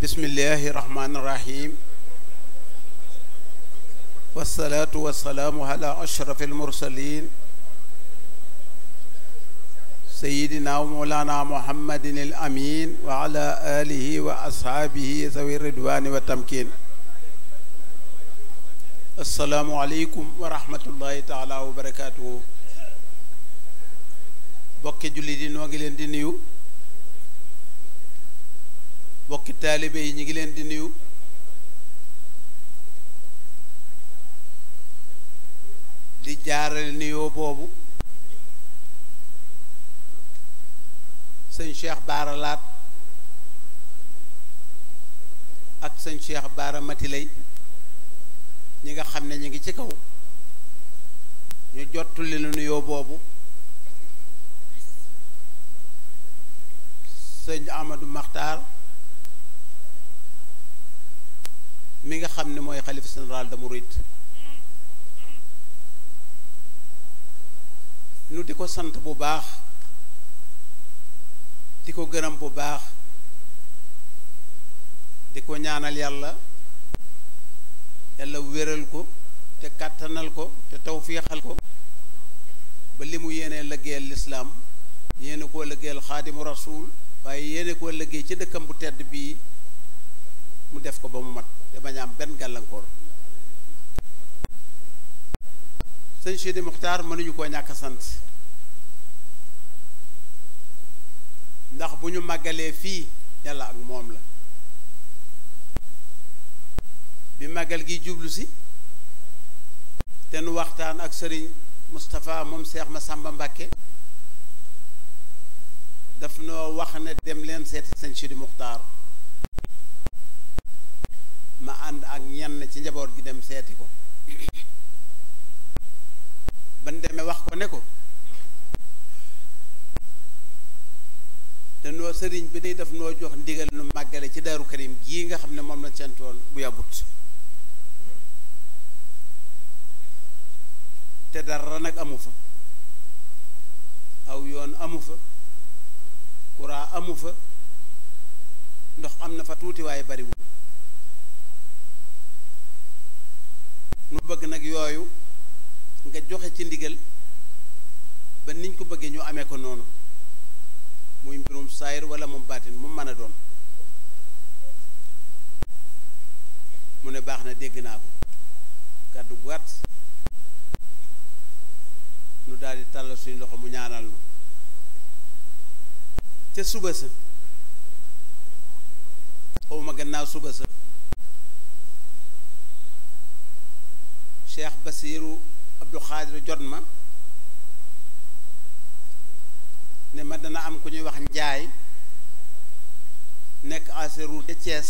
bismillahi rahmaani rahim wasalaatu wasalaamu ala ashraf almursalin sayidina wa mawlana muhammadin al amin wa ala alihi wa ashaabihi zawi ridwani wa tamkin assalaamu aleykum wa rahmatullahi taala wa barakatuhu bokki julli di noo ngi leen di nuyu bokki taalibe yi ñu ngi leen di nuyu di jaarale nuyoo boobu sëñ Cheikh baaralaat ak sëñ Cheikh Baara Matilay ñi nga xam ne ñu ngi ci kaw ñu jottuli nu nuyoo boobu sëñ Amadou Maxtaar mi nga xam ne mooy xalif général de Mouride nu di ko sant bu baax di ko gërëm bu baax di ko ñaanal yàlla yàlla wéral ko te kàttanal ko te tawfiixal ko ba li mu yéene liggéeyal lislaam yéene koo liggéeyal xaadimu rasuul waaye yéene koo liggéey ci dëkkam bu tedd bii mu def ko ba mu mat te bañ a benn gàllankoor sëñ Sidi Muxtaar mënuñu koo ñàkk sant ndax bu ñu màggalee fii yàlla ak moom la bi màggal gi jublu si te nu waxtaan ak sëriñ mustafaa moom Seex Masàmba Mbàkke daf noo wax ne dem leen seeti sëñ Sidi Muxtaar ma ànd ak ñenn ci njaboot gi dem seeti ko ban demee wax ko ne ko te noo sëriñ bi day def noo jox ndigal lu màggale ci daaru karim gii nga xam ne moom na lañ sentoon bu yàggut te dara nag amu fa aw yoon amu fa courant amu fa ndox am na fa tuuti waaye bariwul nu bëgg nag yooyu nga joxe ci ndigal ba niñ ko bëggee ñu amee ko noonu muy mbirum saayir wala moom baatin mu mën a doon mu ne baax na dégg naa ko kàddu gu gàtt nu daal di tàllal suñu loxo mu ñaanal nu ca suba sa xawma gannaaw suba sa cheikh basiru abdou xaadir jot ma ne ma dana am ku ñuy wax njaay nekk aseru de Thiès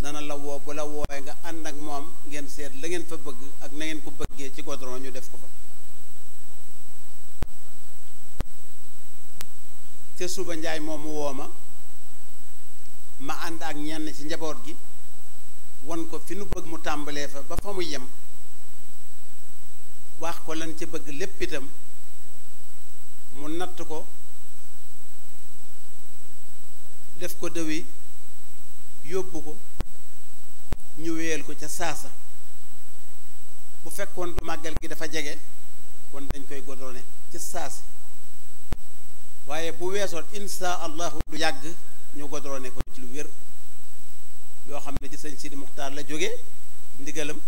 dana la woo bu la woowee nga ànd ak moom ngeen seet la ngeen fa bëgg ak na ngeen ko bëggee ci godron ñu def ko fa ca suba njaay mu woo ma ma ànd ak ñenn ci njaboot gi won ko fi nu bëgg mu tàmbalee fa ba fa mu yem waax ko lan ca bëgg lépp itam mu natt ko def ko dëwi yóbbu ko ñu wéyal ko ca saasa bu fekkoon du màggal gi dafa jege kon dañ koy godoone ci saasi waaye bu weesoon insha allahu du yàgg ñu godoone ko ci lu wér yoo xam ne ci sëñ Sidi Muxtaar la jóge ndigalam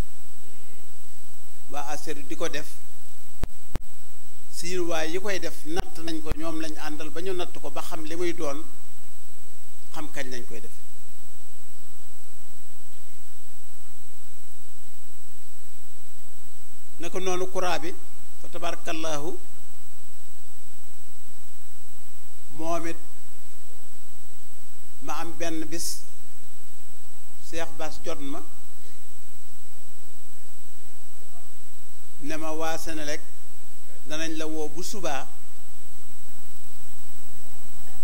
waa ASER di ko def siir waay yi koy def natt nañ ko ñoom lañ àndal ba ñu natt ko ba xam li muy doon xam kañ lañ koy def naka noonu kuraa bi fa tabarakallahu moom it ma am benn bis Seex Baas jot ma ne ma waa Senelec danañ la woo bu subaa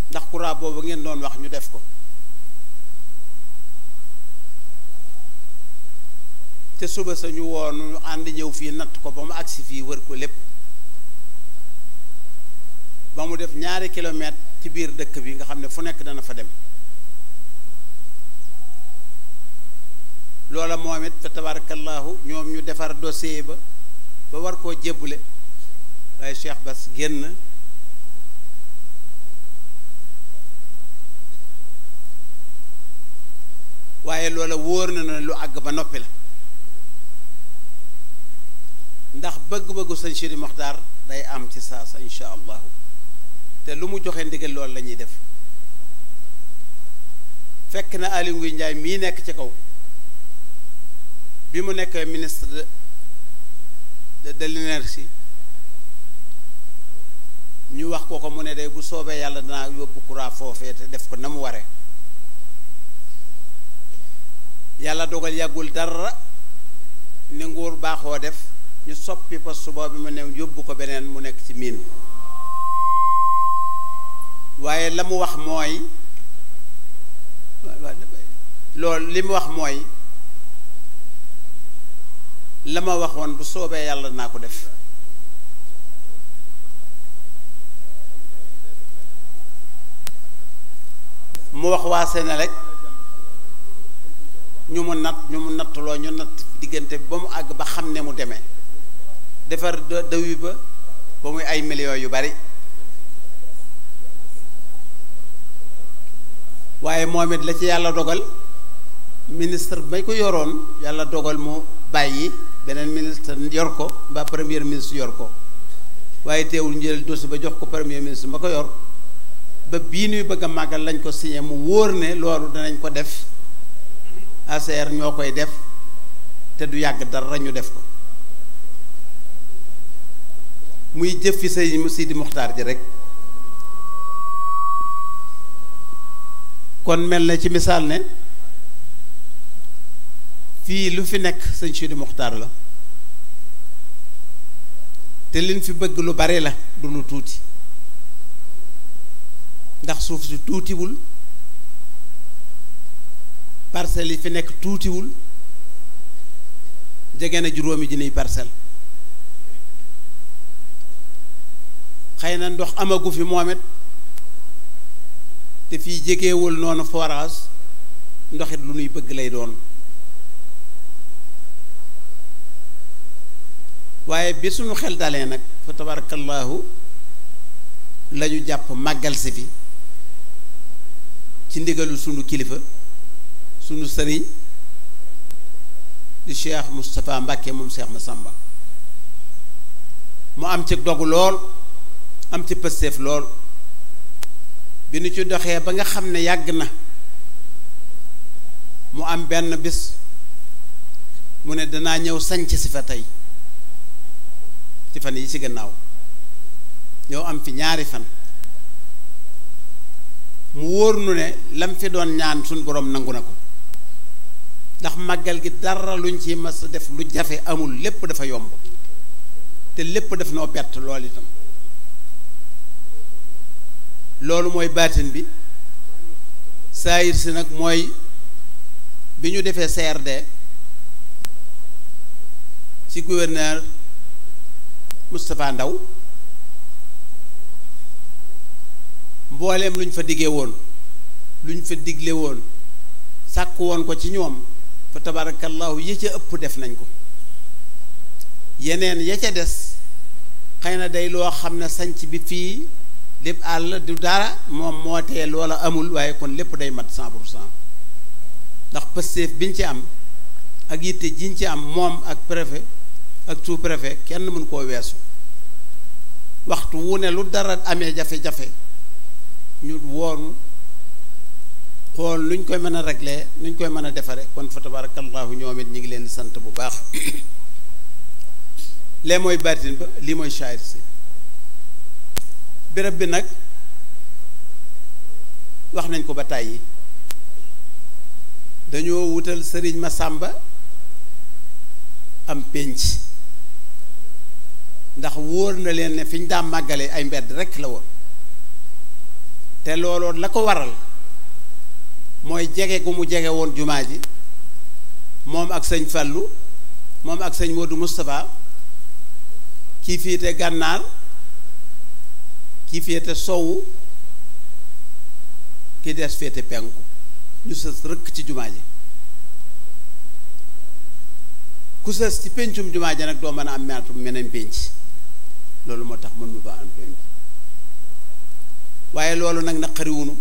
ndax kuraa boobu ngeen doon wax ñu def ko te suba sa ñu woonu ànd ñëw fii natt ko ba mu agsi fii wër ko lépp ba mu def ñaari kilomètre ci biir dëkk bi nga xam ne fu nekk dana fa dem loola moom it fa tabarakallahu ñoom ñu defar dossier ba ba war koo jébbule waaye Cheikh Bass génn waaye loola wóor na lu àgg ba noppi la ndax bëgg-bëggu sëñ Sidi Moxtaar day am ci saasa incha allahu te lu mu joxe ndigal lool la ñuy def fekk na Aly Ngouille Ndiaye mii nekk ci kaw bi mu nekk ministre de de ñu wax ko ko mu ne day bu soobee yàlla danaa yóbbu courant foofee te def ko na mu ware yàlla dogal yàggul dara ni nguur baaxoo def ñu soppi poste bi mu ne yóbbu ko beneen mu nekk ci miin waaye la mu wax mooy lool li mu wax mooy la ma waxoon bu soobee yàlla naa ko def mu wax waa Senelec ñu mu natt ñu mu nattuloo ñu natt diggante ba mu àgg ba xam ne mu deme defar dawi ba ba muy ay millions yu bari waaye moom it la ci yàlla dogal ministre may ko yoroon yàlla dogal mu bàyyi beneen ministre yor ko mbaa premier ministre yor ko waaye teewul njël dossier ba jox ko premier ministre ma ko yor ba bii nuy bëgg a màggal lañ ko signé mu wóor ne loolu danañ ko def ACR ñoo koy def te du yàgg dara ñu def ko muy jëf fi say Sidi Muxtaar ji rek kon mel na ci misaal ne fii lu fi nekk sëñ Sidi Muxtaar la te liñ fi bëgg lu bari la du lu tuuti ndax suuf si tuutiwul parcelles yi fi nekk tuutiwul jege na juróomi junniy parcelle xëy na ndox amagu fi moom it te fii jegewul noonu forage ndoxit lu nuy bëgg lay doon waaye bi suñu xel dalee nag fa tabarakallahu la jàpp màggal si fi ci ndigalu sunu kilifa sunu sëriñ di cheikh Moustapha Mbacke moom cheikh Massamba mu am ci dogu lool am ci pësteef lool bi nu ci doxee ba nga xam ne yàgg na mu am benn bis mu ne danaa ñëw sanc si fa tey ci fan yi ci gannaaw ñoo am fi ñaari fan mu wóor nu ne lam fi doon ñaan suñ boroom nangu na ko ndax màggal gi dara luñ ci mas def lu jafe amul lépp dafa yomb te lépp def noo bett lool loolu mooy baatin bi saayir si nag mooy bi ñu defee CRD ci gouverneur Moustapha Ndaw mbooleem luñ fa diggee woon luñ fa digle woon sàkk woon ko ci ñoom fa tabarakallahu ya ca ëpp def nañ ko yeneen ya des xëy na day loo xam ne sanc bi fii lépp àll du dara moom moo tee loola amul waaye kon lépp day mat cent pour cent ndax pësteef biñ ci am ak yitte jiñ ci am moom ak préfet ak sous-préfet kenn mën koo weesu waxtu wu ne lu dara amee jafe-jafe ñu woonu xool luñ koy mën a régler nuñ koy mën a defare kon fa tabarakallahu ñoom it ñu ngi leen sant bu baax lee mooy baatin ba lii mooy shaahir si béréb bi nag wax nañ ko ba tàyyi dañoo wutal sëriñ Masamba am pénc ndax wóor na leen ne fiñ ñu daa màggalee ay mbedd rekk la woon te looloon la ko waral mooy jege gu mu jege woon jumaa ji moom ak sëñ Fallu moom ak sëñ Modou Moustapha kii féete gànnaar kii féete sowu ki des féete penku ñu sës rëkk ci jumaa ji ku sës ci péncum jumaa ji nag doo mën a am menatum meneen pénc loolu moo tax mën nu ba am permis waaye loolu nag naqariwunu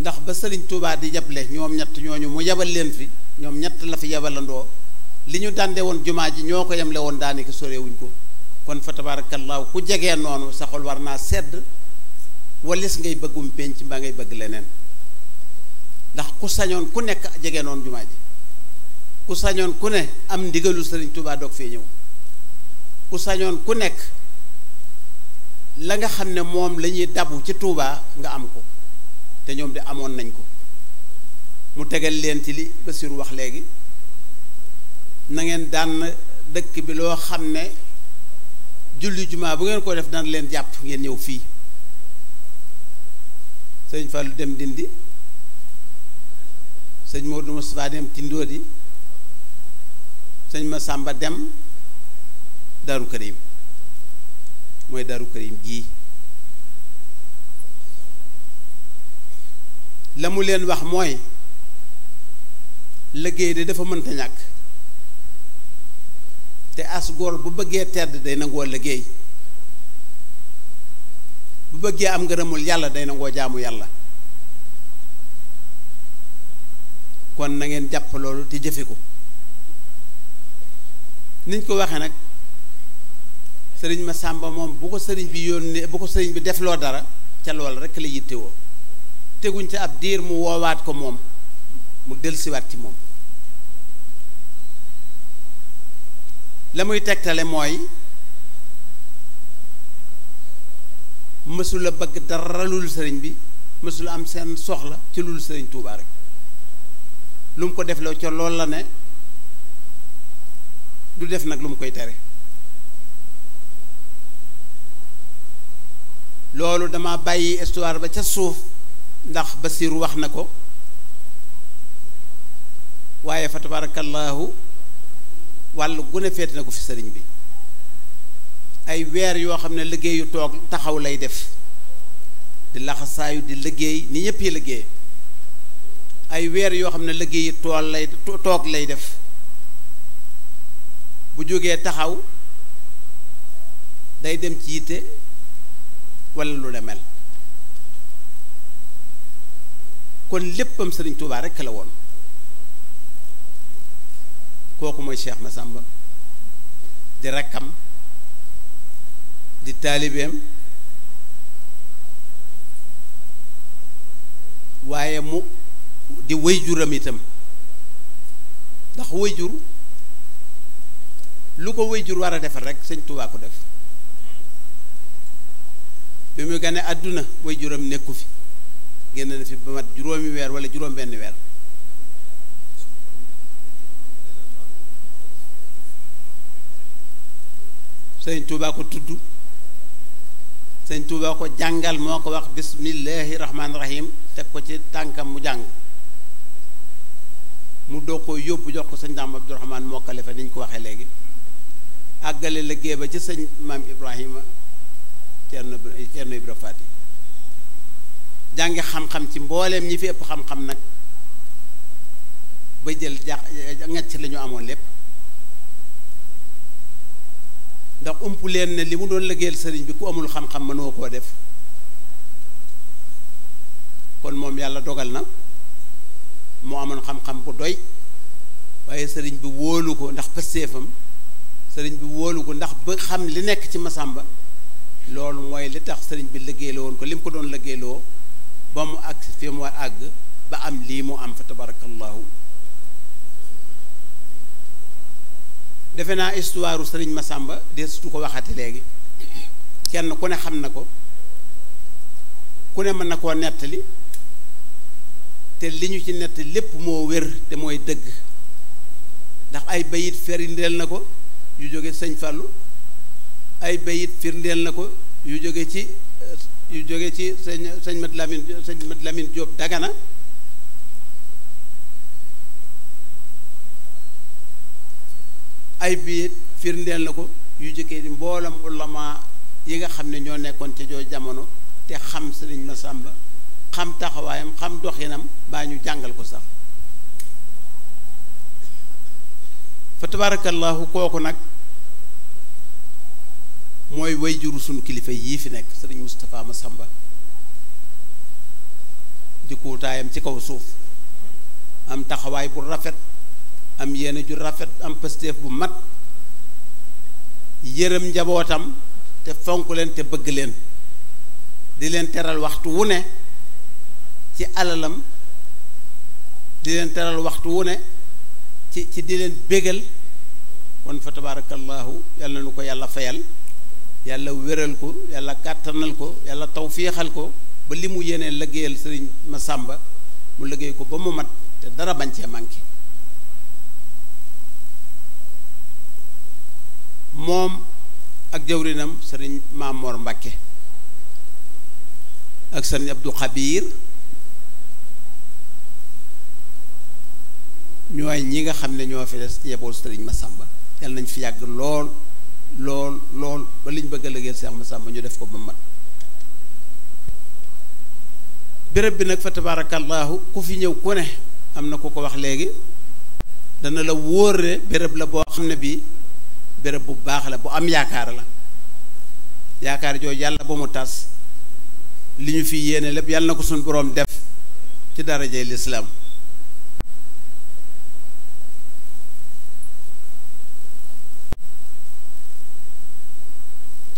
ndax ba sëriñ Tuubaa di yable ñoom ñett ñooñu mu yabal leen fi ñoom ñett la fi yabalandoo li ñu dande woon jumaa ji ñoo ko yemle woon daanaka sorewuñ ko kon fa tabaarakallaahu ku jegee noonu sa war naa sedd walis ngay bëggum penc mbaa ngay bëgg leneen ndax ku sañoon ku nekk jegee noonu jumaa ji ku sañoon ku ne am ndigalu sëriñ Tuubaa doog fee ñëw ku sañoon ku nekk la nga xam ne moom lañuy ñuy dabu ci tuubaa nga am ko te ñoom de amoon nañ ko mu tegal leen ci li Bassirou wax léegi na ngeen daan dëkk bi loo xam ne julli jumaa bu ngeen koo def daan leen jàpp ngeen ñëw fii sëñ Fallou dem Dindi sëñ Modou Moustapha dem Tindóodi ma sàmba dem daaru karim mooy daaru karim gii la mu leen wax mooy liggéey de dafa mënta ñàkk te as góor bu bëggee tedd day nangoo liggéey bu bëggee am ngërëmul yàlla day nangoo jaamu yàlla kon na ngeen jàpp loolu te jëfe ko niñ ko waxee nag sëriñ ma sàmba moom bu ko sëriñ bi yónnee bu ko sëriñ bi def loo dara ca lool rek la yittewoo teguñ ca ab diir mu woowaat ko moom mu dellusiwaat ci moom la muy tegtale mooy mësula bëgg dara lul sëriñ bi mësula am seen soxla ci lul sëriñ Tuubaa rek lu mu ko defloo ca lool la ne du def nag lu mu koy tere loolu dama bàyyi histoire ba ca suuf ndax Basiiru wax na ko waaye fa tabaarakallaahu wàll gune feet na ko fi sëriñ bi ay weer yoo xam ne liggéeyu toog taxaw lay def di laxasaayu di liggéey ni ñëpp yi liggéey ay weer yoo xam ne liggéeyu tool lay toog lay def bu jógee taxaw day dem ci yitte wala lu la mel kon léppam sëriñ Tuubaa rekk la woon kooku mooy Cheikh sàmba di rakkam di taalibeem waaye mu di wayjuram itam ndax wayjur lu ko wayjur war a defal rekk sëñ Tuubaa ko def bi mu gane àdduna way juróom nekku fi génn na fi ba juróomi weer wala juróom benn weer sëñ Tuubaa ko tudd sëñ Tuubaa ko jàngal moo ko wax bismillahi rahmaani rahim teg ko ci tànkam mu jàng mu doo ko yóbbu jox ko sëñ Daam Abdurahmaan moo kale fa ni ko waxee léegi àggale liggéey ba ci sëñ maam Ibrahima Ceerno Ceerno eh, Ibra Faati jàngi xam-xam ci mbooleem ñi fi ëpp xam-xam nag ba jël ja ngecc la amoon lépp ndax ump leen ne li mu doon liggéeyal sëriñ bi ku amul xam-xam mënoo koo def kon moom yàlla dogal na moo amoon xam-xam bu doy waaye sëriñ bi wóolu ko ndax pësteefam sëriñ bi wóolu ko ndax ba xam li nekk ci Masamba loolu mooy li tax sëriñ bi liggéeyloo woon ko li mu ko doon liggéeyloo ba mu àgg fi mu àgg ba am lii mu am fa tabarakallahu defe naa histoire sëriñ ma Masamba deesutu ko waxati léegi kenn ku ne xam na ko ku ne ma na koo nettali te li ñu ci nett lépp moo wér te mooy dëgg ndax ay bayit ferindeel na ko yu jóge sëñ Fallou ay bayit firndeel na ko yu jóge ci yu jóge ci sëñ sëñ Mat Lamin sëñ Mat Lamin Jóob Dagana ay bayit firndeel na ko yu jóge ci mboolam ulama yi nga xam ne ñoo nekkoon ci jooju jamono te xam sëriñ Masamba xam taxawaayam xam doxinam baa ñu jàngal ko sax fa tabarakallahu kooku nag mooy way juru suñu kilifa yii fi nekk sëriñ Moustapha Massamba di kuutaayam ci kaw suuf am taxawaay bu rafet am yéene ju rafet am pasteef bu mat yërëm njabootam te fonk leen te bëgg leen di leen teral waxtu wu ne ci alalam di leen teral waxtu wu ne ci ci di leen bégal kon fa tabaarakallaahu yàlla na nu ko yàlla fayal yàlla wéral ko yàlla kàttanal ko yàlla tawféexal ko ba li mu yenee liggéeyal sëriñ ma sàmba mu liggéey ko ba mu mat te dara bañ cee manqué moom ak jawrinam sëriñ Maamoor Mbàkke ak sëriñ Abdou Xabiir ñooy ñi nga xam ne ñoo fi des yeboo sëriñ Masamba yàlla nañ fi yàgg lool lool lool ba liñ bëgg a liggéeyal Seex Masàmba ñu def ko ba mat béréb bi nag fa tabaarakallaahu ku fi ñëw ku ne am na ku ko wax léegi dana la wóore béréb la boo xam ne bii béréb bu baax la bu am yaakaar la yaakaar jooju yàlla ba mu tas li ñu fi yéene lépp yàlla na ko suñu boroom def ci darajay lislaam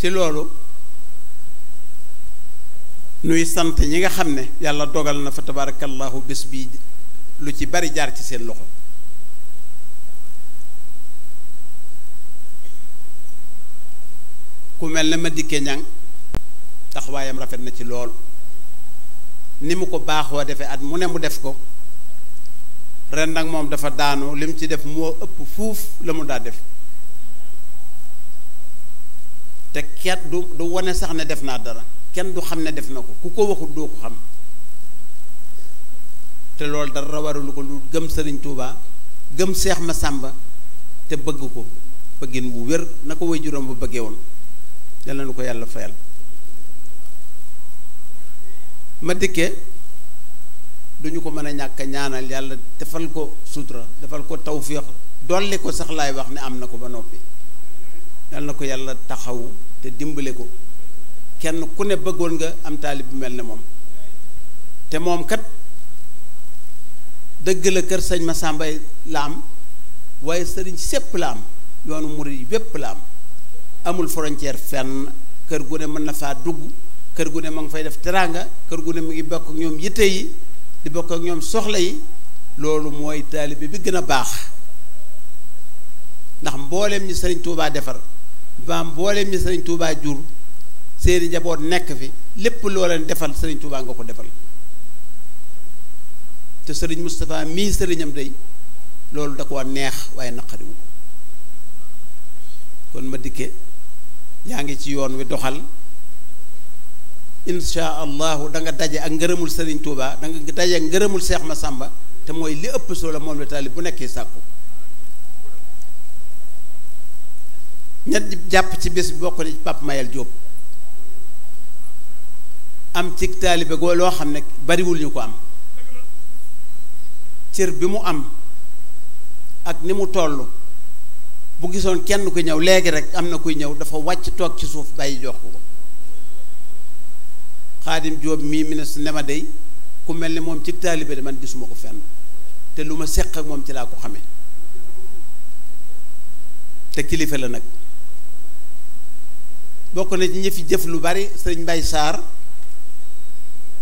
ci loolu nuy sant ñi nga xam ne yàlla dogal na fa tabarakallahu bés bii lu ci bari jaar ci seen loxo ku mel ne ma dikke ñang taxawaayam rafet na ci lool ni mu ko baaxoo defee at mu ne mu def ko ren nag moom dafa daanu lim ci def moo ëpp fuuf la mu daa def te kenn du du wone sax ne def naa dara kenn du xam ne def na ko ku ko waxut doo ko xam te loolu dara waralu ko lu gëm sëriñ Touba gëm Seex sàmba te bëgg ko bëggin bu wér na ko juróom bu bëggee woon yàlla na ko yàlla fayal ma dikkee duñu ko mën a ñàkk ñaanal yàlla defal ko sutura defal ko tawféex dolli ko sax laay wax ne am na ko ba noppi yal na ko yàlla taxawu te dimbale ko kenn ku ne bëggoon nga am taalib bu mel ne moom te moom kat dëgg la kër sëñ Massamba la am waaye sëriñ sépp la am yoonu murid yi bépp la am amul frontière fenn kër gu ne mën na faa dugg kër gu ne ma ngi fay def teraanga kër gu ne mu ngi bokk ak ñoom yitte yi di bokk ak ñoom soxla yi loolu mooy taalibe bi gën a baax ndax mbooleem ñi sëriñ Tuubaa defar ba mboolem ñi sëriñ Touba jur seeni njaboot nekk fi lépp loo leen defal sëriñ Touba nga ko defal te sëriñ Moustapha mii sëriñam day loolu da ko neex waaye naqariwu kon ma dikke yaa ngi ci yoon wi doxal insha allahu da nga daje ak ngërëmul sëriñ Touba da nga daje ak ngërëmul Seex sàmba te mooy li ëpp solo moom la taalib bu nekkee sàkku ñett jàpp ci bés bokk na ci Pape Mayel am ci taalibe goo loo xam ne bariwul ñu ko am cër bi mu am ak ni mu toll bu gisoon kenn ku ñëw léegi rek am na kuy ñëw dafa wàcc toog ci suuf bàyyi jox ko Xaadim Diop mii ministre ne ma day ku mel ni moom ci taalibe de man gisuma ko fenn te lu ma seq ak moom ci laa ko xamee te kilifa la nag bokk na ci ñi fi jëf lu bari sëriñ Mbay Saar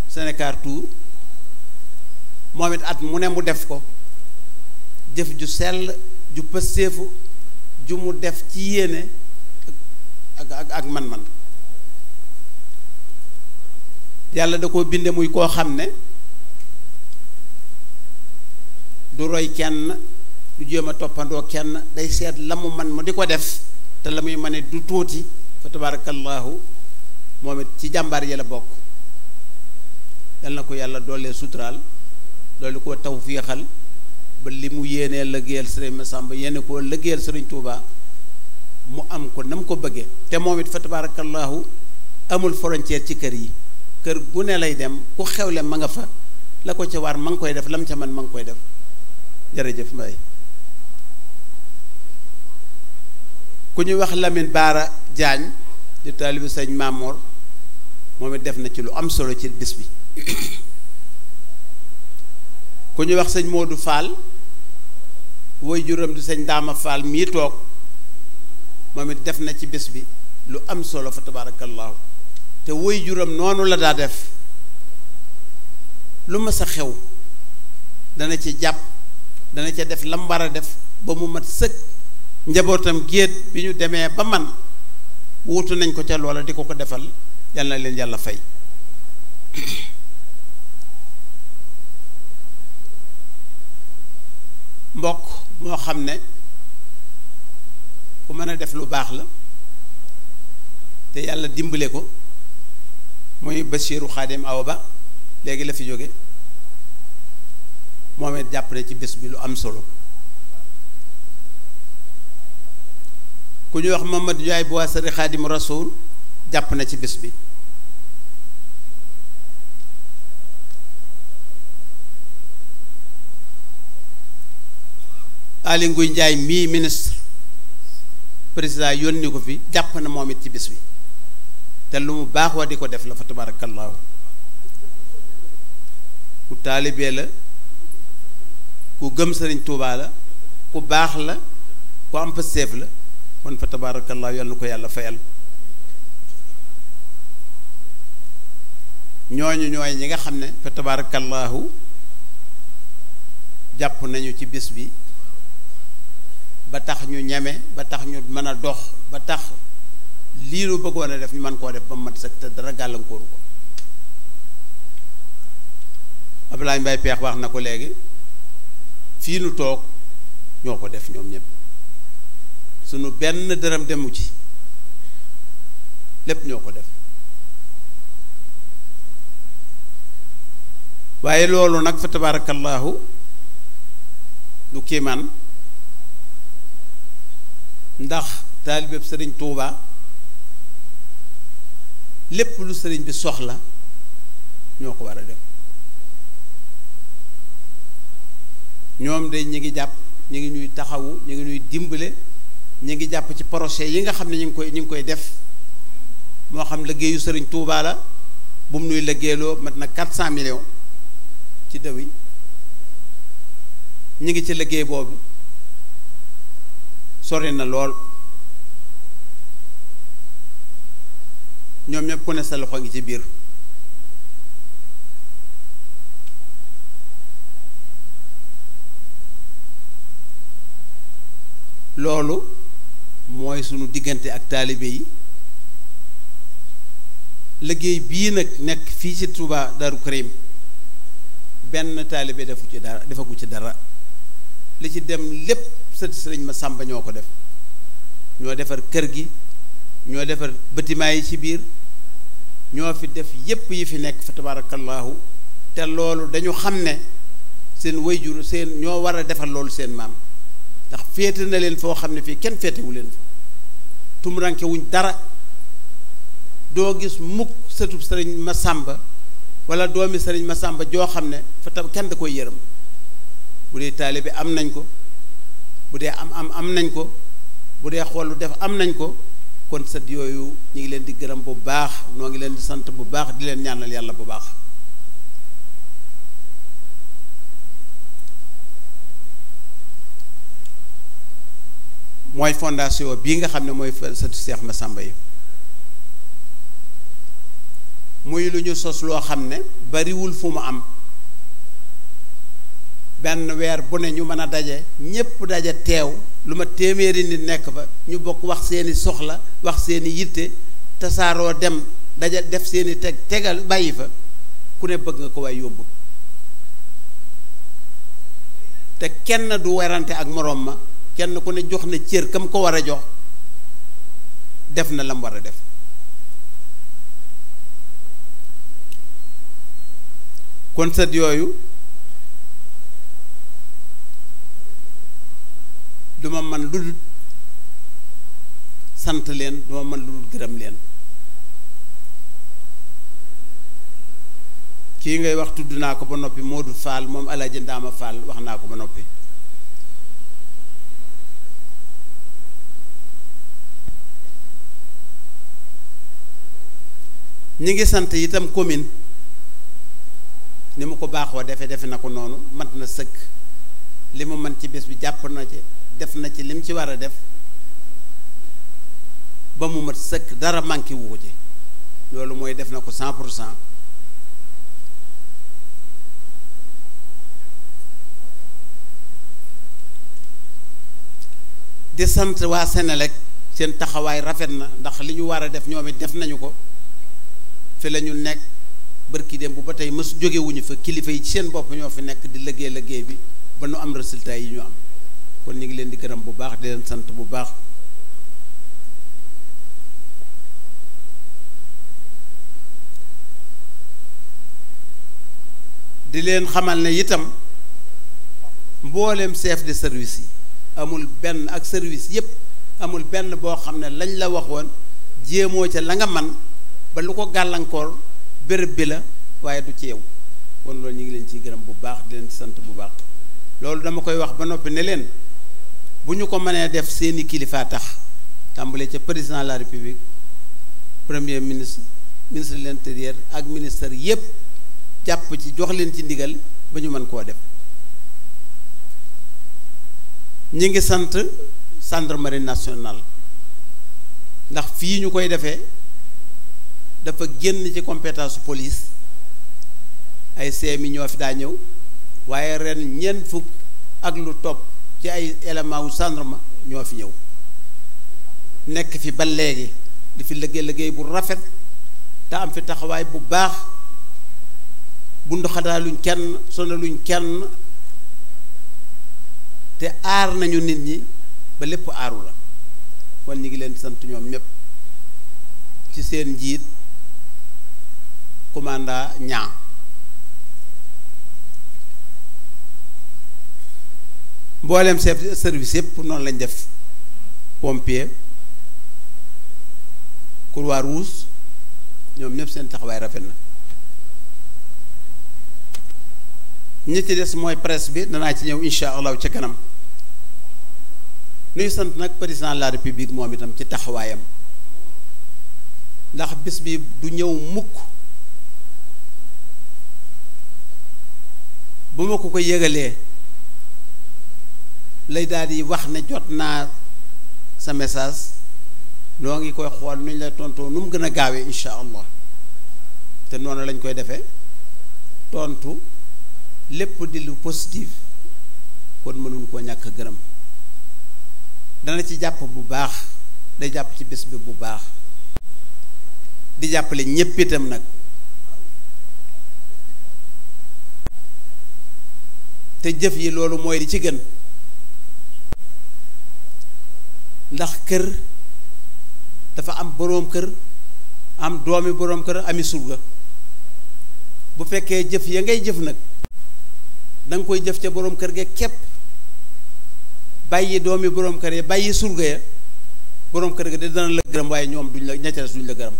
Sénégal Tour moom it at mu ne mu def ko jëf ju sell ju pëstéefu ju mu def ci yéene ak ak ak man-man yàlla da ko binde muy koo xam ne du roy kenn du jéem a toppandoo kenn day seet la mu man mu di ko def te la muy mane du tuuti fa tabaarakallaahu moom it ci jàmbaar yi la bokk yal na ko yàlla doole suturaal doole koo tawfiixal ba li mu yéenee lëggéeyal sëriñ Massamba yéene koo lëggéeyal sëriñ Touba mu am ko na mu ko bëggee te moom it fa tabaarakallaahu amul frontière ci kër yi kër gu ne lay dem ku xewle ma nga fa la ko ca waar ma ngi koy def lam ca man ma ngi koy def jërëjëf Mbaye ku ñuy wax Lamine Baara Jaañ di taalibu sëñ Maamoor moom it def na ci lu am solo ci bis bi ku ñu wax sëñ Modou Fall woy juróom di sëñ Daama Fall mii toog moom it def na ci bis bi lu am solo fa tabaarakallaahu te woy juróom noonu la daa def lu ma sa xew dana ci jàpp dana ca def lam war def ba mu mat sëkk njabootam géet bi ñu demee ba man wuutu nañ ko ca loola di ko ko defal yal na leen yàlla fay mbokk moo xam ne ku mën a def lu baax la te yàlla dimbale ko muy Basiiru Xaadim Awa Ba léegi la fi jóge moom it jàpp ne ci bés bi lu am solo ku ñuy wax Mamadou Ndiaye Boisari Xaadim Rasoul jàpp na ci bés bi Aly Ngouille Ndiaye mii ministre président yónni ko fi jàpp na moom it ci bés bi te lu mu baax wa di ko def la fa tabaarakallaahu ku taalibee la ku gëm sëriñ Tuubaa la ku baax la ku am pëseef la kon fa tabaarakallaa yal na ko yàlla fayal ñooñu ñooy ñi nga xam ne fa tabaarakallaahu jàpp nañu ci bis bi ba tax ñu ñeme ba tax ñu mën a dox ba tax lii nu bëggoon def ñu mën koo def ba mu mat sëkk te dara gàllankooru ko Abdoulaye Mbaye Peex wax na ko léegi fii nu toog ñoo ko def ñoom ñëpp sunu benn dërëm demu ci lépp ñoo ko def waaye loolu nag fa tabaarakallaahu du kiimaan ndax taalibeeb sëriñ tuuba lépp lu sëriñ bi soxla ñoo ko war a def ñoom de ñu ngi jàpp ñu ngi ñuy taxawu ñu ngi ñuy dimbale ñu ngi jàpp ci projet yi nga xam ne ñu ngi koy ñu ngi koy def moo xam liggéeyu sëriñ Touba la bu mu nuy liggéeyloo mat na quatre cent millions ci daw yi ñu ngi ci liggéey boobu sori na lool ñoom ñëpp ku ne sa loxo ngi ci biir loolu mooy sunu diggante ak taalibe yi liggéey bii nag nekk fii ci Touba daru Karim benn taalibe defu ci dara defagu ci dara li ci dem lépp sët sëriñ ma sàmba ñoo ko def ñoo defar kër gi ñoo defar bâtiment yi ci biir ñoo fi def yépp yi fi nekk fa tabaarakallaahu te loolu dañu xam ne seen wayjur seen ñoo war a defar loolu seen maam ndax féete na leen foo xam ne fii kenn féetewu leen fa tumuranke wuñ dara doo gis mukk sëtub sëriñ ma sàmba wala doomi sëriñ ma Masamba joo xam ne fa tam kenn da koy yërëm bu dee taalibe am nañ ko bu dee am am am nañ ko bu dee xool def am nañ ko kon sët yooyu ñu ngi leen di gërëm bu baax noo ngi leen di sant bu baax di leen ñaanal yàlla bu baax mooy fondation bii nga xam ne mooy sëtu Seex Masamba yi muy lu ñu sos loo xam ne bariwul fu mu am benn weer bu ne ñu mën a daje ñépp daje teew lu ma téeméeri nit nekk fa ñu bokk wax seeni soxla wax seeni yitte tasaaroo dem daje def seeni teg tegal bàyyi fa ku ne bëgg nga ko way yóbbu te kenn du werante ak moroom ma kenn ku ne jox na cër kam ko war a jox def na lam war a def kon sët yooyu duma man lu dul sant leen duma man lu dul gërëm leen kii ngay wax tudd naa ko ba noppi moo du Fall moom Alaaji Ndaama Fall wax naa ko ba noppi ñi ngi sant itam commune ni mu ko baaxoo defe defe na ko noonu mat na sëkk li mu mën ci bés bi jàpp na ci def na ci lim ci war a def ba mu mat sëkk dara manqué wu ci loolu mooy def na ko cent pour cent di waa Senelec seen taxawaay rafet na ndax li ñu war a def ñoom it def nañu ko fi la ñu nekk bërki dem bu ba tey mës jógewuñu fa kilifa yi ci seen bopp ñoo fi nekk di liggéey liggéey bi ba nu am résultat yi ñu am kon ñu ngi leen di gërëm bu baax di leen sant bu baax di leen xamal ne itam mbooleem seef de service yi amul benn ak service yépp amul benn boo xam ne lañ la waxoon jéemoo ca la nga man ba lu ko gàllankoor bërëb bi la waaye du ci yow kon loolu ñu ngi leen ciy gërëm bu baax di leen ci sant bu baax loolu dama koy wax ba noppi ne leen bu ñu ko mënee def seeni kilifa tax tàmbale ca président la république premier ministre ministre de l'intérieur ak ministère yépp jàpp ci jox leen ci ndigal ba ñu mën koo def ñi ngi sant gendarmerie nationale ndax fii ñu koy defee dafa génn ci compétence police ay CMI ñoo fi daa ñëw waaye ren ñeent fukk ak lu topp ci ay élément wu gendarme ñoo fi ñëw nekk fi ba léegi di fi liggéey liggéey bu rafet te am fi taxawaay bu baax bunduxataaluñ kenn luñ kenn te aar nañu nit ñi ba lépp aaru la kon ñu ngi leen sant ñoom ñépp ci seen njiit commanda ñaa mboolem chef service yëpp noonu lañ def pompier Croix Rouge ñoom ñëpp seen taxawaay rafet na ñi des mooy presse bi danaa ci ñëw incha allahu ci kanam nuy sant nag président de la république moom itam ci taxawaayam ndax bis bi du ñëw mukk bu ma ko ko yëgalee lay daal wax ne jot naa sa message noo ngi koy xool nuñ la tontoo nu mu gën a gaawee incha allah te noonu lañ koy defe tontu lépp di lu positif kon mënuñu koo ñàkk gërëm dana ci jàpp bu baax day jàpp ci bés bi bu baax di jàppale ñépp itam nag te jëf yi loolu mooy li ci gën ndax kër dafa am boroom kër am doomi boroom kër ami surga bu fekkee jëf ya ngay jëf nag danga koy jëf ca boroom kër ga képp bàyyi doomi boroom kër ya bàyyi surga ya boroom kër gi de dana la gërëm waaye ñoom duñ la ña ca des duñ la gërëm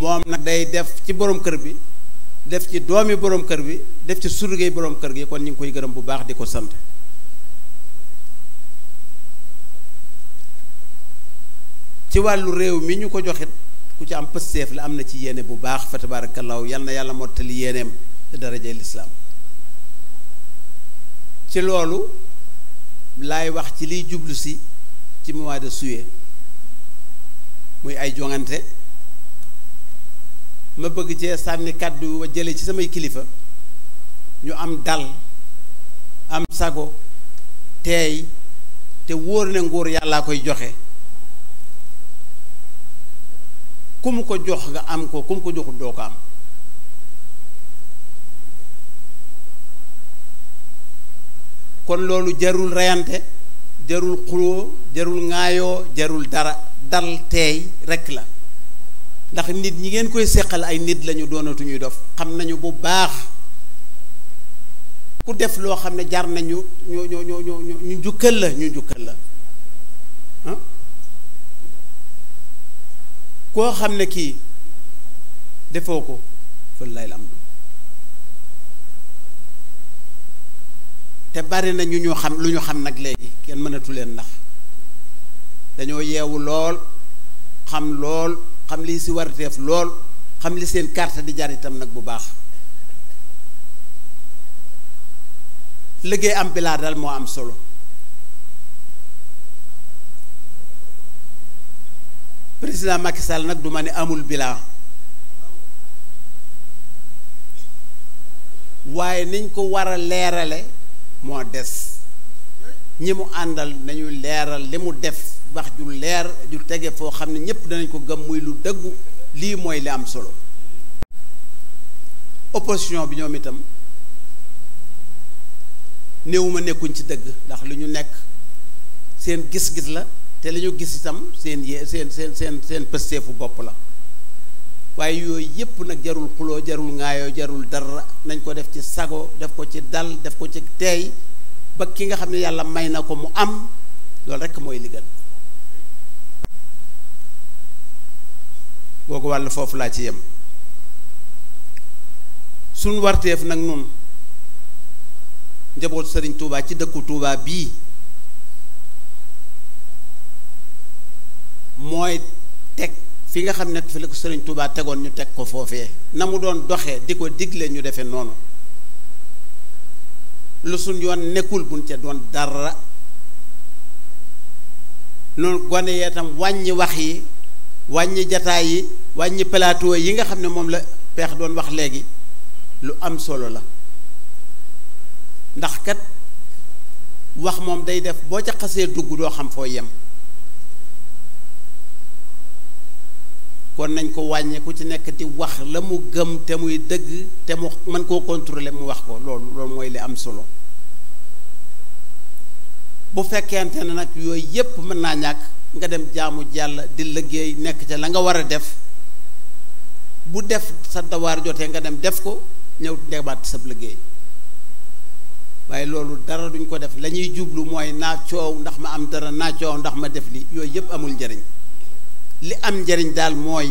moom nag day def ci boroom kër bi def ci doomi borom kër bi def ci surgay borom kër gi kon ñu ngi koy gërëm bu baax di ko sant ci wàllu réew mi ñu ko joxit ku ci am pësteef la am na ci yéene bu baax fa tabaarakallaahu yal na yàlla mottali yéeneem ci daraja lislaam ci loolu lay wax ci liy jublu si ci mois de juillet muy ay joŋante ma bëgg cee sànni kàddu jële ci samay kilifa ñu am dal am sago teey te wóor ne nguur yàllaa koy joxe ku mu ko jox nga am ko ku mu ko joxut doo ko am kon loolu jarul reyante jarul xuloo jarul ŋaayoo jarul dara dal teey rekk la ndax nit ñi ngeen koy seqal ay nit lañu doonatu ñuy dof xam nañu bu baax ku def loo xam ne jar nañu ñu ñu ñu ñu ñu njukkal la ñu njukkal la ah? koo xam ne kii defoo ko wallaay te bari na ñu ñu xam lu ñu xam nag léegi kenn mënatu leen ndax dañoo yeewu lool xam lool xam li si war teef lool xam li seen carte di jar itam nag bu baax liggéey am bilaa daal moo am solo président Macky Sall nag du ne amul bilaa waaye niñ ko war a leerale moo des ñi mu àndal nañu leeral li mu def wax ju leer ju tege foo xam ne ñépp danañ ko gëm muy lu dëggu lii mooy li am solo opposition bi ñoom itam néewuma nekkuñ ci dëgg ndax lu ñu nekk seen gis-gis la te li ñu gis itam seen yee seen seen seen bopp la waaye yooyu yépp nag jarul xuloo jarul ŋaayoo jarul dara nañ ko def ci sago def ko ci dal def ko ci teey ba ki nga xam ne yàlla may na ko mu am loolu rekk mooy li googu wàll foofu laa ci yem suñ warteef nag nun njaboot sëriñ Touba ci dëkku Touba bii mooy teg fii nga xam ne fi la ko sëriñ Touba tegoon ñu teg ko foofee na mu doon doxee di ko digle ñu defe noonu lu suñ yoon nekkul buñ ca doon dara noonu gone yee tam wàññi wax yi wàññi jataay yi wàññi plateau yi nga xam ne moom la peex doon wax léegi lu am solo la ndax kat wax moom day def boo ca xasee dugg doo xam foo yem kon nañ ko wàññi ku ci nekk di wax la mu gëm te muy dëgg te mu mën koo contrôler mu wax ko loolu loolu mooy li am solo bu fekkente ne nag yooyu yépp mën naa ñàkk nga dem jaamu yàlla di liggéey nekk ca la nga war a def bu def sa dawaar jotee nga dem def ko ñëw debaat sab liggéey waaye loolu dara duñ ko def la ñuy jublu mooy naa coow ndax ma am dara naa coow ndax ma def li yooyu yëpp amul njariñ li am njariñ daal mooy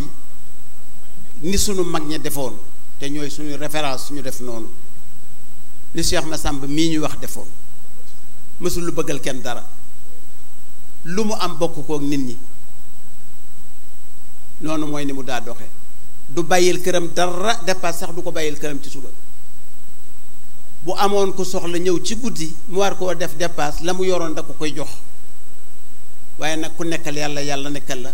ni sunu mag ña defoon te ñooy suñu référence suñu def noonu ni Cheikh Massamba mii ñuy wax defoon mësul lu bëggal kenn dara lu mu am bokk kook nit ñi noonu mooy ni mu daa doxe du bàyyil këram dara dépasse sax du ko bàyyil këram ci suba bu amoon ko soxla ñëw ci guddi mu war koo def dépasse la mu yoroon da ko koy jox waaye nag ku nekkal yàlla yàlla nekkal la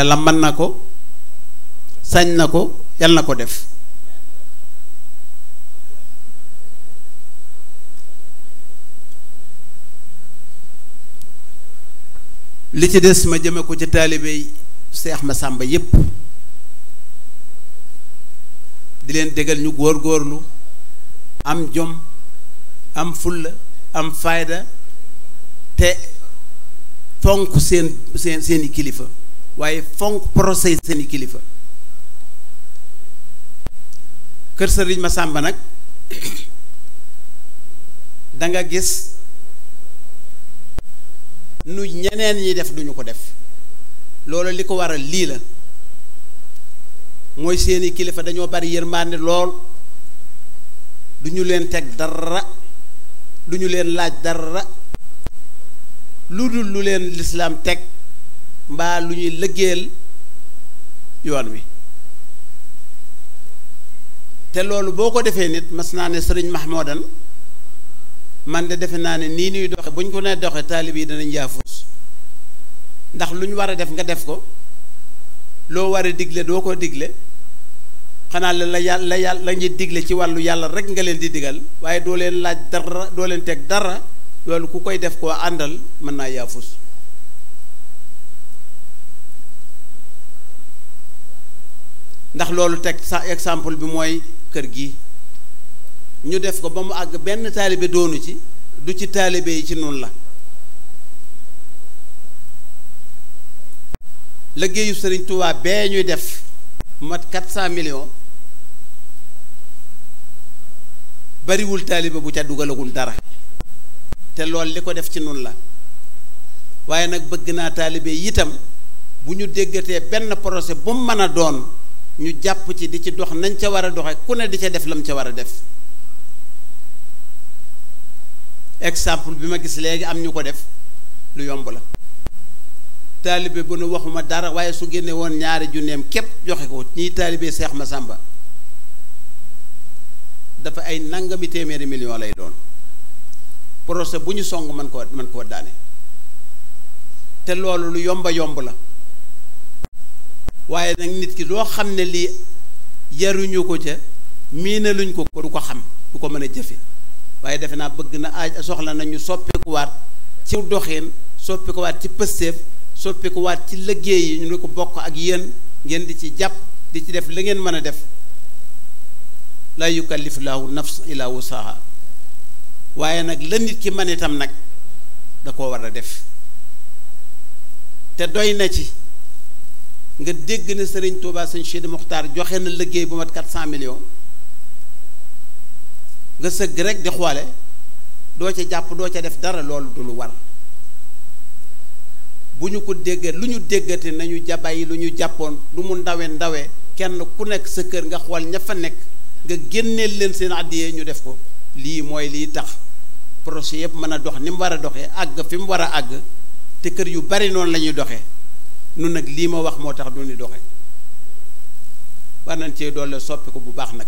yàlla na ko sañ na ko yàlla na ko def li ci des ma jëme ko ci taalibe seex Seex sàmba yépp di leen dégal ñu góorgóorlu am jom am fulla am fayda te fonk seen seen seeni kilifa waaye fonk procès seeni kilifa kër ma sàmba nag danga gis nu ñeneen ñi def duñu ko def loolu li ko waral lii la mooy seeni kilifa dañoo bari yërmaande lool duñu leen teg dara duñu leen laaj dara lu dul lu leen lislaam teg mbaa lu ñuy lëggeel yoon wi te loolu boo ko defee nit mas naa ne sëriñ Mahmoudan man de defe naa ne nii nuy doxe bu ñu ko nee doxe taalib yi danañ yaafus ndax lu ñu war a def nga def ko loo war a digle doo ko digle xanaa la la yàlla la yàlla la ñuy digle ci wàllu yàlla rek nga leen di digal waaye doo leen laaj dara doo leen teg dara loolu ku koy def koo àndal mën naa yaafus ndax loolu teg sa exemple bi mooy kër gi ñu def ko ba mu àgg benn taalibe doonu ci du ci taalibe yi ci noonu la liggéeyu sëriñ Tuubaa bee ñuy def mat 400 millions bariwul taalibe bu ca dugalagul dara te loolu li ko def ci noonu la waaye nag bëgg naa taalibe itam bu ñu déggatee benn projet bu mu mën a doon ñu jàpp ci di ci dox nañ ca war a doxe ku ne di ca def lam ca war a def exemple bi ma gis léegi am ñu ko def lu yomb la taalibe bu nu waxuma dara waaye su génne woon ñaari junneem képp joxe ko ñiy taalibe Seex sàmba dafa ay nangami téeméeri million lay doon projet bu ñu song mën koo mën koo daane te loolu lu yomba yomb la waaye nag nit ki loo xam ne lii yaruñu ko ca miinaluñ ko ko du ko xam du ko mën a jëfe waaye defe naa bëgg na aaj soxla nañu soppeekuwaat ci doxin soppeekuwaat ci pësteef soppeekuwaat ci liggéey yi ñu ko bokk ak yéen ngeen di ci jàpp di ci def la ngeen mën a def laa yukallifu laahu nafs illa wusaha waaye nag la nit ki man itam nag da koo war a def te doy na ci nga dégg ne sëriñ Touba sëñ Cheikh Mokhtar joxe na liggéey bu mat 400 millions nga sëgg rekk di xoole doo ca jàpp doo ca def dara loolu du lu war bu ñu ko déggat lu ñu déggate nañu jabayi lu ñu jàppoon lu mu ndawe ndawe kenn ku nekk sa kër nga xool ña fa nekk nga génneel leen seen àddiyee ñu def ko lii mooy lii tax projet yëpp mën a dox ni mu war a doxee àgg fi mu war a àgg te kër yu bari noonu lañuy ñuy doxee nu nag lii ma wax moo tax du ni doxe war nañ cee doole soppi ko bu baax nag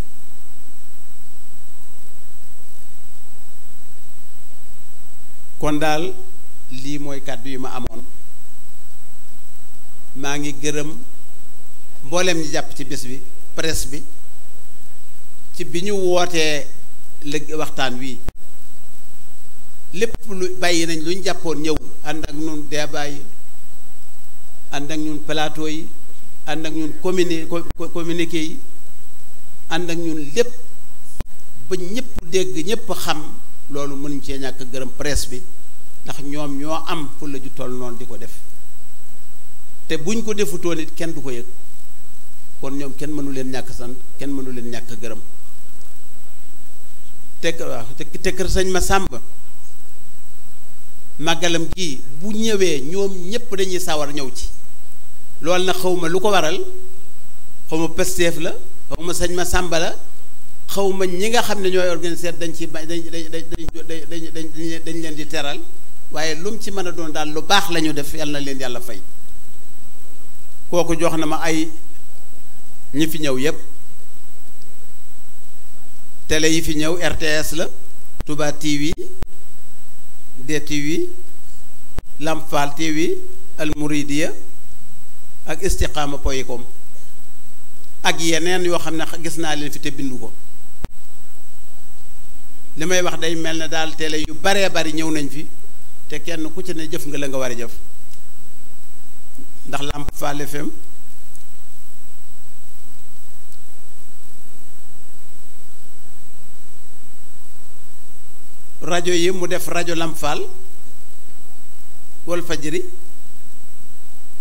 kon daal lii mooy kàddu yi ma amoon maa ngi gërëm mboolem ñi jàpp ci bés bi presse bi ci bi ñu wootee léegi waxtaan wi lépp lu bàyyi nañ lu ñu jàppoon ñëw ànd ak nun dee bàyyi ànd ak ñun plateau yi ànd ak ñun communi communiqué yi ànd ak ñun lépp ba ñépp dégg ñépp xam loolu mënuñ cee ñàkk gërëm presse bi ndax ñoom ñoo am fu la ju toll noonu di ko def te buñ ko defutoon it kenn du ko yëg kon ñoom kenn mënu leen ñàkk sant kenn mënu leen ñàkk gërëm te waaw te kër sëñ ma sàmba màggalam gii bu ñëwee ñoom ñëpp dañuy sawar ñëw ci loolu nag xaw ma lu ko waral xaw ma Pastef la xaw ma sëñ ma Sàmba la xaw ma ñi nga xam ne ñooy organiser dañ ci dañ dañ dañ dañ dañ leen di teral waaye lu ci mën a doon daal lu baax lañu ñu def yàlla leen yàlla fay kooku jox na ma ay ñi fi ñëw yépp télé yi fi ñëw RTS la Touba TV DTV Lamp Fall TV Al ak istiqaama poyikoom ak yeneen yoo xam ne gis naa leen fi te bindu ko li may wax day mel ne daal télé yu baree bari ñëw nañ fi te kenn ku ci ne jëf nga la nga war a jëf ndax Lamp Fall FM rajo yi mu def rajo Lamp Fall Walfadjri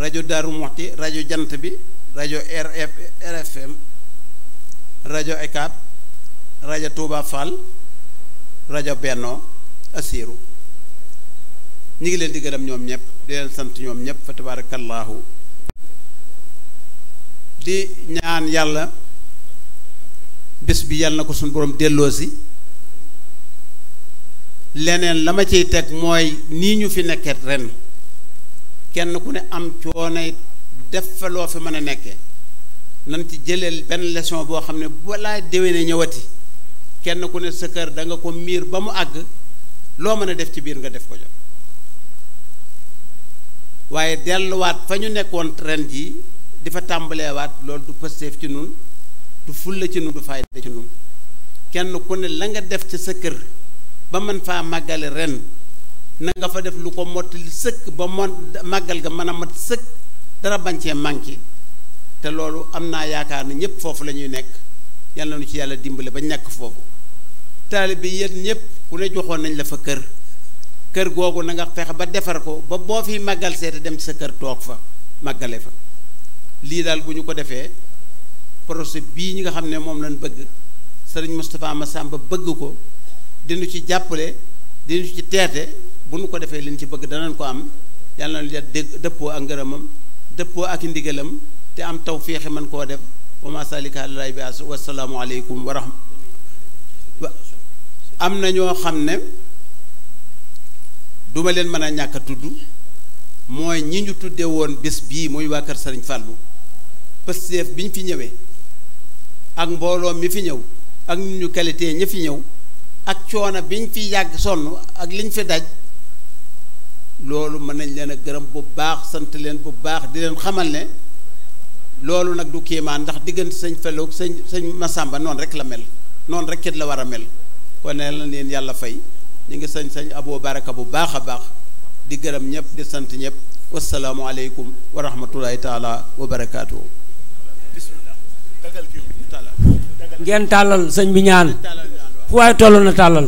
rajo Daaru Muxti rajo Jant bi rajo RF RFM rajo ECAP rajo Touba Fall rajo Benno Assirou ñu ngi leen di gërëm ñoom ñëpp leen sant ñoom ñëpp fa tabaarakallaahu di ñaan yàlla bés bi yàlla na ko suñu boroom delloosi leneen la ma ciy teg mooy nii ñu fi nekket ren kenn ku ne am coonay def fa loo fi mën a nekkee nan ci jëleel benn leçon boo xam ne balaa déwénee ñëwati kenn ku ne sa kër danga nga ko miir ba mu àgg loo mën a def ci biir nga def ko jox waaye delluwaat fa ñu nekkoon ren jii di fa tàmbaleewaat loolu du pësteef ci nun du fulla ci nun du fayda ci nun kenn ku ne la nga def ci sa kër ba mën faa màggale ren na nga fa def lu ko mottali sëkk ba mot màggal ga mën a mat sëkk dara bañ cee manqué te loolu am naa yaakaar ne ñëpp foofu lañuy nekk yàlla nu ci yàlla dimbale ba nekk foofu taalibe bi yéen ñépp ku ne joxoon nañ la fa kër kër googu na nga fexe ba defar ko ba boo fi màggal seete dem ci sa kër toog fa màggale fa lii daal bu ñu ko defee projet bii ñi nga xam ne moom lañ bëgg sëriñ Moustapha Massamba bëgg ko dinu ci jàppale dinu ci teete bu nu ko defee liñ ci bëgg danañ ko am yàlla na lu dégg dëppoo ak ngërëmam dëppoo ak ndigalam te am taw féexe man koo def wa ma salika àlalaay bi as wasalaamu aleykum wa rahma am na ñoo xam ne duma leen mën a ñàkk tudd mooy ñi ñu tudde woon bés bii muy waa kër sëriñ Fàllu Pastef bi ñu fi ñëwee ak mbooloo mi fi ñëw ak ñu qualité ñi fi ñëw ak coono bi ñu fi yàgg sonn ak li ñu fi daj loolu mën nañ leen a gërëm bu baax sant leen bu baax di leen xamal ne loolu nag du kéemaan ndax diggante sëñ Fallou sañ sëñ sàmba noon rek la mel noonu rek it la war a mel kon ne la leen yàlla fay ñu ngi sañ sañ Aboo Baraka bu baax a baax di gërëm ñépp di sant ñëpp wasalaamualeykum wa rahmatulahi taala wa barakaatu. ngeen tàllal sëñ bi ñaan fu waaye toll na tàllal